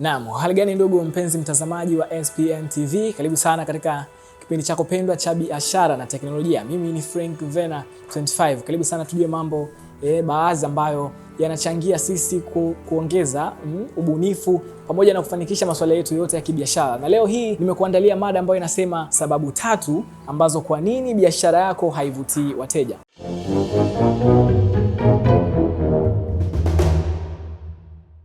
Naam, hali gani ndugu mpenzi mtazamaji wa SPN TV, karibu sana katika kipindi chako pendwa cha biashara na teknolojia. Mimi ni Frank Vena 25. Karibu sana tujue mambo eh, baadhi ambayo yanachangia sisi ku, kuongeza mm, ubunifu pamoja na kufanikisha masuala yetu yote ya kibiashara. Na leo hii nimekuandalia mada ambayo inasema sababu tatu ambazo kwa nini biashara yako haivutii wateja.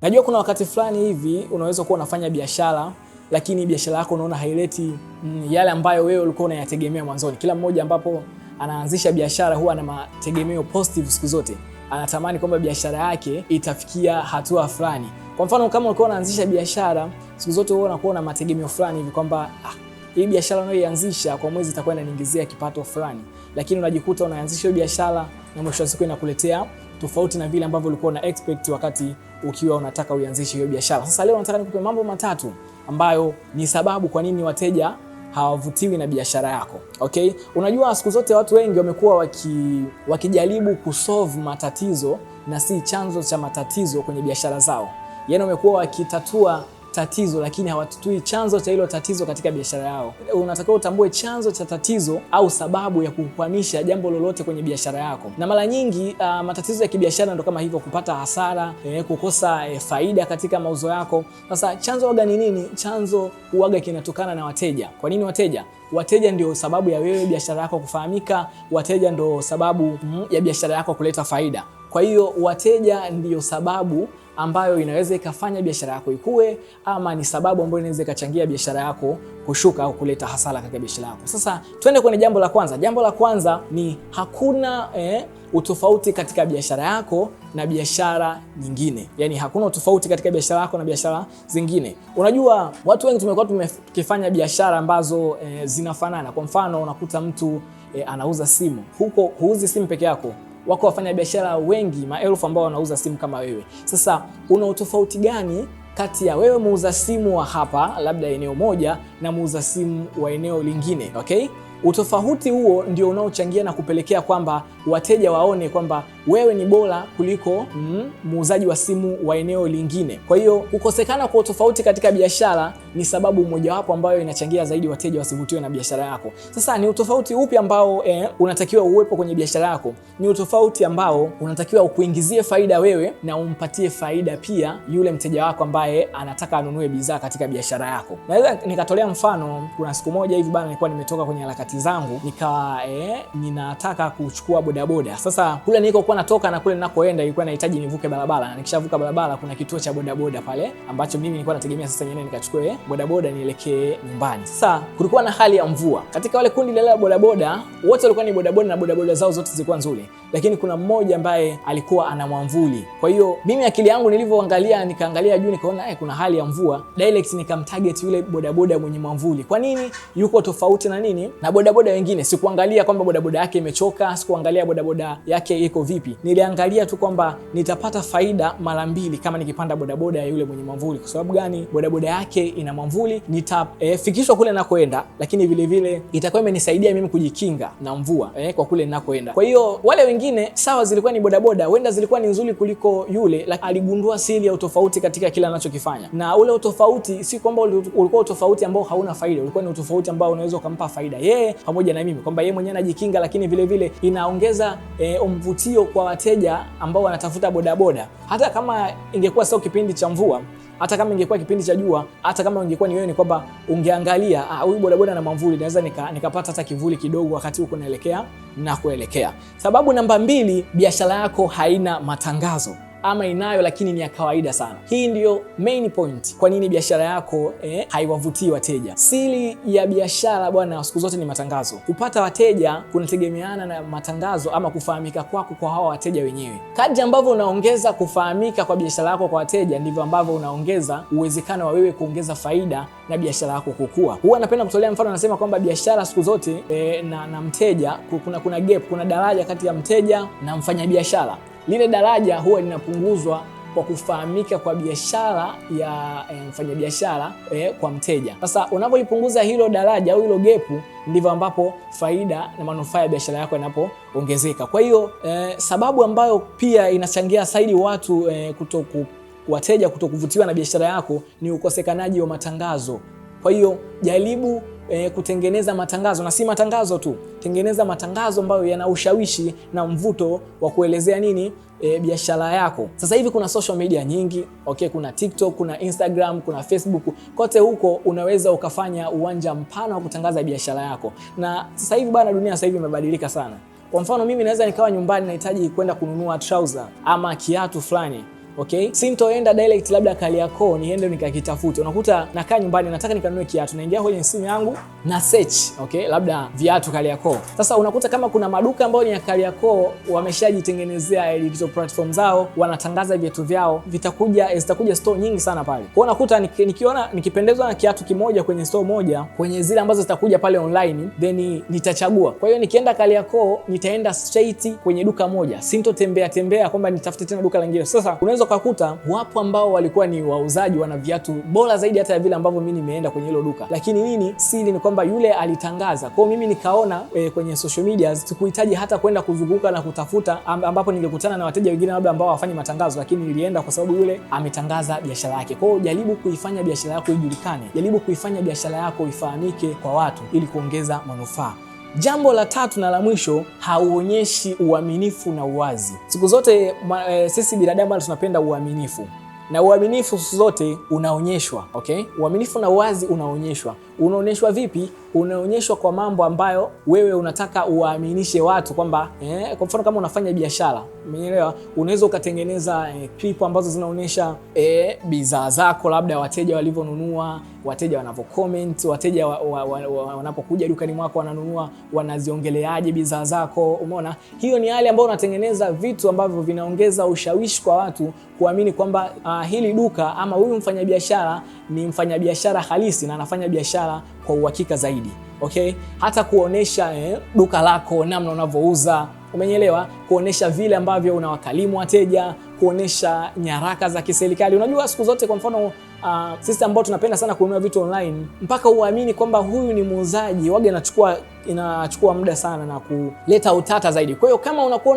Najua kuna wakati fulani hivi unaweza kuwa unafanya biashara lakini biashara yako unaona haileti mm, yale ambayo wewe ulikuwa unayategemea mwanzoni. Kila mmoja ambapo anaanzisha biashara huwa na mategemeo positive siku zote, anatamani kwamba biashara yake itafikia hatua fulani. Kwa mfano kama ulikuwa unaanzisha biashara siku zote, wewe unakuwa na mategemeo fulani hivi kwamba ah, hii biashara unayoianzisha kwa mwezi itakuwa inaniingizia kipato fulani, lakini unajikuta unaanzisha biashara na mwisho wa siku inakuletea tofauti na vile ambavyo ulikuwa una expect wakati ukiwa unataka uianzishe hiyo biashara. Sasa leo nataka nikupe mambo matatu ambayo ni sababu kwa nini wateja hawavutiwi na biashara yako. Okay? Unajua siku zote watu wengi wamekuwa waki, wakijaribu kusolve matatizo na si chanzo cha matatizo kwenye biashara zao. Yaani wamekuwa wakitatua tatizo, lakini hawatatui chanzo cha hilo tatizo katika biashara yao. Unatakiwa utambue chanzo cha tatizo au sababu ya kukwamisha jambo lolote kwenye biashara yako, na mara nyingi uh, matatizo ya kibiashara ndo kama hivyo, kupata hasara eh, kukosa eh, faida katika mauzo yako. Sasa chanzo waga ni nini? Chanzo huaga kinatokana na wateja. Kwa nini wateja? Wateja ndio sababu ya wewe biashara yako kufahamika. Wateja ndio sababu mm, ya biashara yako kuleta faida. Kwa hiyo wateja ndiyo sababu ambayo inaweza ikafanya biashara yako ikue, ama ni sababu ambayo inaweza ikachangia biashara yako kushuka au kuleta hasara katika biashara yako. Sasa twende kwenye jambo la kwanza. Jambo la kwanza ni hakuna eh, utofauti katika biashara yako na biashara nyingine, yaani hakuna utofauti katika biashara yako na biashara zingine. Unajua watu wengi tumekuwa tumekifanya biashara ambazo eh, zinafanana. Kwa mfano unakuta mtu eh, anauza simu, huko huuzi simu peke yako wako wafanyabiashara wengi maelfu ambao wanauza simu kama wewe. Sasa una utofauti gani kati ya wewe muuza simu wa hapa labda eneo moja na muuza simu wa eneo lingine? Okay, utofauti huo ndio unaochangia na kupelekea kwamba wateja waone kwamba wewe ni bora kuliko mm, muuzaji mm, wa simu wa eneo lingine. Kwa hiyo kukosekana kwa utofauti katika biashara ni sababu mojawapo ambayo inachangia zaidi wateja wasivutiwe na biashara yako. Sasa ni utofauti upi ambao eh, unatakiwa uwepo kwenye biashara yako? Ni utofauti ambao unatakiwa ukuingizie faida wewe na umpatie faida pia yule mteja wako ambaye anataka anunue bidhaa katika biashara yako. Naweza nikatolea mfano, kuna siku moja hivi bana, nilikuwa nimetoka kwenye harakati zangu nikawa eh, ninataka kuchukua bodaboda. Sasa kule niko nilipokuwa natoka na kule ninakoenda ilikuwa nahitaji nivuke barabara, na nikishavuka barabara kuna kituo cha bodaboda pale ambacho mimi nilikuwa nategemea sasa nyenyewe nikachukue bodaboda nielekee nyumbani. Sasa kulikuwa na hali ya mvua katika wale kundi la bodaboda, wote walikuwa ni bodaboda na bodaboda zao zote zilikuwa nzuri lakini kuna mmoja ambaye alikuwa ana mwamvuli. Kwa hiyo mimi akili yangu nilivyoangalia, nikaangalia juu, nikaona eh, kuna hali ya mvua, direct nikamtarget yule bodaboda mwenye mwamvuli. Kwa nini yuko tofauti na nini na bodaboda wengine? Sikuangalia kwamba bodaboda yake imechoka, sikuangalia bodaboda yake iko vipi, niliangalia tu kwamba nitapata faida mara mbili kama nikipanda bodaboda ya yule mwenye mwamvuli. Kwa sababu gani? Bodaboda yake ina mwamvuli, nitafikishwa eh, kule nakoenda, lakini vilevile itakuwa imenisaidia mimi kujikinga na mvua eh, kwa kule nakoenda. Kwa hiyo wale wengine nyingine sawa, zilikuwa ni bodaboda, huenda zilikuwa ni nzuri kuliko yule, lakini aligundua siri ya utofauti katika kila anachokifanya, na ule utofauti si kwamba ulikuwa utofauti ambao hauna faida, ulikuwa ni utofauti ambao unaweza ukampa faida yeye pamoja na mimi, kwamba yeye mwenyewe anajikinga, lakini vile vile inaongeza e, mvutio kwa wateja ambao wanatafuta bodaboda, hata kama ingekuwa sio kipindi cha mvua hata kama ingekuwa kipindi cha jua, hata kama ingekuwa ni wewe, ni kwamba ungeangalia ah, huyu bodaboda na mwamvuli, naweza nikapata nika hata kivuli kidogo wakati huko naelekea na kuelekea. Sababu namba mbili, biashara yako haina matangazo ama inayo lakini ni ya kawaida sana. Hii ndiyo main point, kwa nini biashara yako eh, haiwavutii wateja. Siri ya biashara bwana, siku zote ni matangazo. Kupata wateja kunategemeana na matangazo ama kufahamika kwako kwa hawa wateja wenyewe. Kadri ambavyo unaongeza kufahamika kwa biashara yako kwa wateja, ndivyo ambavyo unaongeza uwezekano wa wewe kuongeza faida na biashara yako kukua. Huwa napenda kutolea mfano, anasema kwamba biashara siku zote eh, na, na mteja kuna, kuna gap, kuna daraja kati ya mteja na mfanyabiashara lile daraja huwa linapunguzwa kwa kufahamika kwa biashara ya e, mfanyabiashara e, kwa mteja. Sasa unapoipunguza hilo daraja au hilo gepu, ndivyo ambapo faida na manufaa ya biashara yako yanapoongezeka. Kwa hiyo e, sababu ambayo pia inachangia zaidi watu e, kutoku wateja kutokuvutiwa na biashara yako ni ukosekanaji wa matangazo. Kwa hiyo jaribu e, kutengeneza matangazo na si matangazo tu, tengeneza matangazo ambayo yana ushawishi na mvuto wa kuelezea nini e, biashara yako. Sasa hivi kuna social media nyingi okay, kuna TikTok, kuna Instagram, kuna Facebook. Kote huko unaweza ukafanya uwanja mpana wa kutangaza biashara yako, na sasa hivi bana, dunia sasa hivi imebadilika sana. Kwa mfano mimi naweza nikawa nyumbani nahitaji kwenda kununua trouser ama kiatu fulani okay? Sintoenda direct labda Kariakoo niende nikakitafute. Unakuta nakaa nyumbani nataka nikanunue kiatu, naingia kwenye simu yangu na search, okay? Labda viatu Kariakoo. Sasa unakuta kama kuna maduka ambayo ni ya Kariakoo wameshajitengenezea digital platform zao, wanatangaza viatu vyao, vitakuja zitakuja store nyingi sana pale. Kwa unakuta nikiona nikipendezwa na kiatu kimoja kwenye store moja, kwenye zile ambazo zitakuja pale online then nitachagua. Kwa hiyo nikienda Kariakoo nitaenda straight kwenye duka moja, sintotembea tembea kwamba nitafute tena duka lingine. Sasa unaweza unaweza ukakuta wapo ambao walikuwa ni wauzaji wana viatu bora zaidi hata ya vile ambavyo mimi nimeenda kwenye hilo duka, lakini nini siri ni kwamba yule alitangaza kwao, mimi nikaona e, kwenye social media sikuhitaji hata kwenda kuzunguka na kutafuta, ambapo ningekutana na wateja wengine labda ambao hawafanyi matangazo, lakini nilienda kwa sababu yule ametangaza biashara yake. Kwao jaribu kuifanya biashara yako ijulikane, jaribu kuifanya biashara yako ifahamike kwa watu ili kuongeza manufaa. Jambo la tatu na la mwisho, hauonyeshi uaminifu na uwazi. Siku zote ma, e, sisi binadamu tunapenda uaminifu na uaminifu siku zote unaonyeshwa, okay? Uaminifu na uwazi unaonyeshwa. Unaonyeshwa vipi? Unaonyeshwa kwa mambo ambayo wewe unataka uwaaminishe watu kwamba eh, kwa mfano kama unafanya biashara, umeelewa? Unaweza ukatengeneza eh, ambazo zinaonyesha eh, bidhaa zako, labda wateja walivyonunua wateja wanavyo comment, wateja wanapokuja wa, wa, wa, wanapokuja dukani mwako wananunua, wanaziongeleaje bidhaa zako? Umeona, hiyo ni hali ambayo unatengeneza vitu ambavyo vinaongeza ushawishi kwa watu kuamini kwamba uh, hili duka ama huyu mfanyabiashara ni mfanyabiashara halisi na anafanya biashara kwa uhakika zaidi. Okay, hata kuonesha eh, duka lako, namna unavyouza Umenyelewa, kuonesha vile ambavyo unawakalimu wateja, kuonesha nyaraka za kiserikali. Unajua siku zote, kwa mfano uh, sisi ambao tunapenda sana kununua vitu online, mpaka uamini kwamba huyu ni muuzaji, waga inachukua inachukua muda sana na kuleta utata zaidi. Kwa hiyo kama unakuwa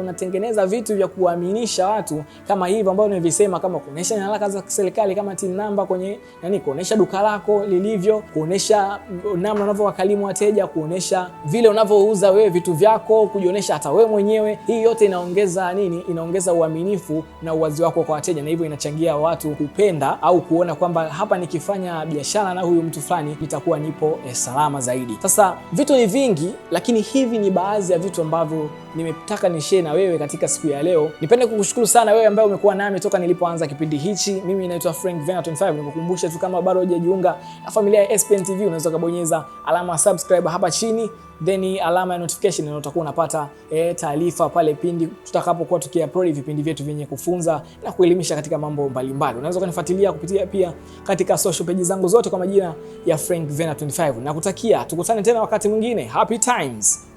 unatengeneza una una vitu vya kuaminisha watu kama hivi ambavyo nimevisema, kama kuonesha nyaraka za serikali kama TIN namba kwenye yani, kuonesha duka lako lilivyo, kuonesha namna unavyowakalimu wateja, kuonesha vile unavyouza wewe vitu vyako, kujionesha hata wewe mwenyewe. Hii yote inaongeza nini? Inaongeza uaminifu na uwazi wako kwa wateja, na hivyo inachangia watu kupenda au kuona kwamba hapa nikifanya biashara na huyu mtu fulani nitakuwa nipo eh, salama zaidi. Sasa vitu ni vingi, lakini hivi ni baadhi ya vitu ambavyo nimetaka share na wewe katika siku ya leo. Nipende kukushukuru sana wewe ambaye umekuwa nami toka nilipoanza kipindi hichi. Mimi naitwa Frank Vena 25. Nikukumbusha tu kama bado hujajiunga na familia ya SPN TV, unaweza kubonyeza alama subscribe hapa chini then alama ya notification na utakuwa unapata e, taarifa pale pindi tutakapokuwa tukiupload vipindi vyetu vyenye kufunza na kuelimisha katika mambo mbalimbali. Unaweza kunifuatilia kupitia pia katika social page zangu zote kwa majina ya Frank Vena 25 nakutakia tukutane tena wakati mwingine. Happy times.